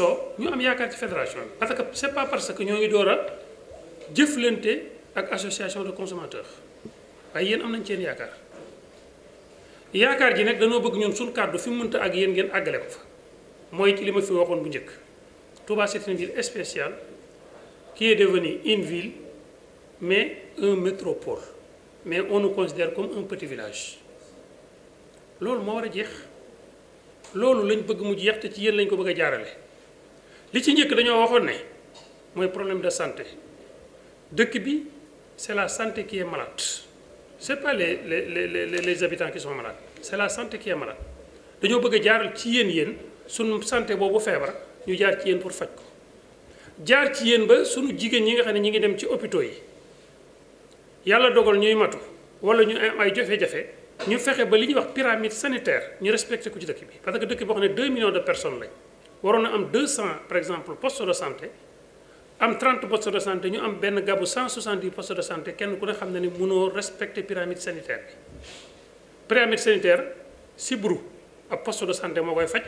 soo ñu am yaakaar ci fédération bi parce que c'est pas parce que ñoo ngi door jëflante ak association de consommateurs waaye yéen am nañ seen yaakaar yaakaar ji nag dañoo bëgg ñun suñ kàddu fi mu mënta ak yéen ngeen àggale ko fa mooy ci li ma fi waxoon bu njëkk Touba c'est une ville spéciale qui est devenue une mais un métropole mais on nous considère comme un petit village loolu moo war a jeex loolu lañu bëgg mujj jeex ci yéen lañ ko bëgg a jaarale li ci njëkk dañoo waxoon ne mooy problème de santé dëkk bi c'est la santé qui est malade c'est pas les les le les les habitants qui sont malades c'est la santé qui est malade dañoo bëgg jaaral ci yéen yéen sunu santé boobu feebar ñu jaar ci yéen pour faj ko jaar ci yéen ba sunu jigéen ñi nga xam ne ñi ngi dem ci hôpitaux yi yàlla dogal ñuy matu wala ñu am ay jafe-jafe ñu fexe ba li ñuy wax pyramide sanitaire ñu respecté ko ci dëkk bi parce que dëkk boo xam ne 2 millions de personnes lañ. waroon na am 200 par exemple poste de santé am 30 poste de santé ñu am benn gabu 170 poste de santé kenn ku ne xam ne ni mënoo respecter pyramide sanitaire bi pyramide sanitaire sibru ab poste de santé moo koy faj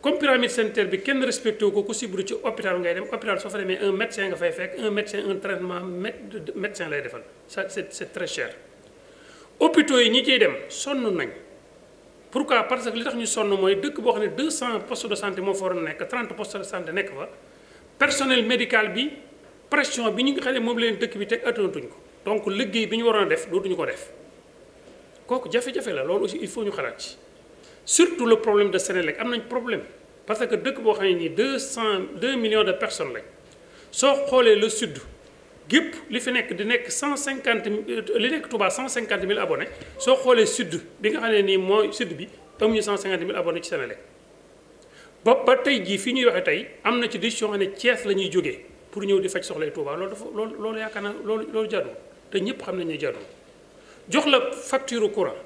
comme pyramide sanitaire bi kenn respecté wu ko ku sibru ci hôpital ngay dem hôpital soo fa demee un médecin nga fay fekk un médecin un traitement médecin lay defal ça c'est c'est très cher hôpitaux yi ñi ciy dem sonn nañ pourquoi parce que li tax ñu sonn mooy dëkk boo xam ne 200 postes de santé moo fa waroon nekk 30 postes de santé nekk fa personnel médical bi pression bi ñu ngi xam ne moom leen dëkk bi teg attantuñ ko donc liggéey bi ñu waroon a def dootuñu ko def kooku jafe-jafe la loolu aussi il faut ñu xalaat ci surtout le problème de Sénélec am nañ problème parce que dëkk boo xam ne nii 200 2 millions de personnes lañ soo xoolee le sud. gépp li fi nekk di nekk cent cinquante euh, li nekk Touba cent cinquante mille abonnés soo xoolee sud bi nga xam ne ni mooy sud bi amuñu cent cinquante mille abonnés ci Senelec ba ba tey jii fii ñuy waxee tey am na ci décision ne Thiès la ñuy jógee pour ñëw di faj soxlay Touba loolu dafa loolu loolu yaakaar naa loolu loolu jaaduwul te ñëpp xam nañ ne jaaduwul jox la facture courant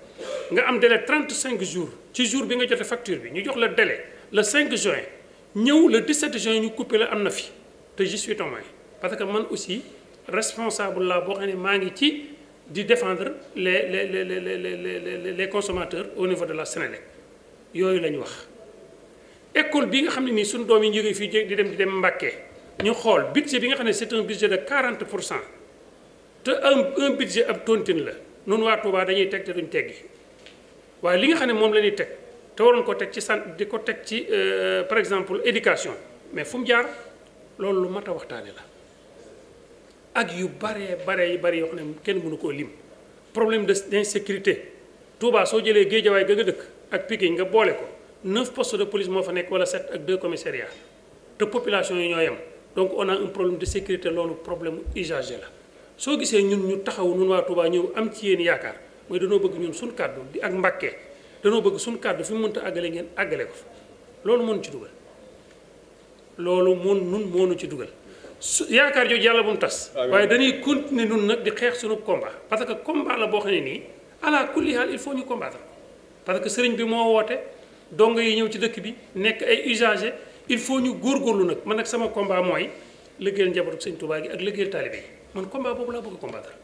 nga am délai 35 jours ci jour bi nga jotee facture bi ñu jox la délai le 5 juin ñëw le 17 juin ñu coupé am na fi te je suis témoin parce que man aussi. responsable laa boo xam ne maa ngi ci di defendre les les les les les consommateurs au niveau de la Sénélec yooyu la ñu wax. école bi nga xam ne nii suñu doom yi ñu ngi fii di dem di dem Mbàkke ñu xool budget bi nga xam ne c'est un budget de 40 pour cent te un un budget ab tontine la noonu waa Touba dañuy teg te duñ teggi waaye li nga xam ne moom la ñuy teg te waroon ko teg ci sant di ko teg ci euh, par exemple éducation mais fu mu jaar loolu lu mat a waxtaane la. ak yu bare yi bari yoo xam ne kenn mënu koo lim problème de sécurité Touba soo jëlee Géejawaay ga nga dëkk ak Pikine nga boole ko neuf postes de police moo fa nekk wala set ak deux commissariats te population yi ñoo yem donc on a problème de sécurité loolu problème usagé la soo gisee ñun ñu taxaw ñun waa Touba ñëw am ci yéen yaakaar mooy danoo bëgg ñun suñ kàddu di ak Mbàkke danoo bëgg suñ kàddu fi mu mënta àggale ngeen àggale ko fa loolu moo ci dugal loolu moon nun ci dugal su yaakaar jooju yàlla bu mu tas. waaye dañuy continuer nun nag di xeex sunu combat parce que combat la boo xam ne nii ala kulli haal il faut ñu combattre parce que sëriñ bi moo woote dongo yi ñëw ci dëkk bi nekk ay usagers il faut ñu góorgóorlu nag man ak sama combat mooy liggéeyal njabootu sëñ Tuubaa gi ak liggéeyal taalibe yi man combat boobu laa bëgg a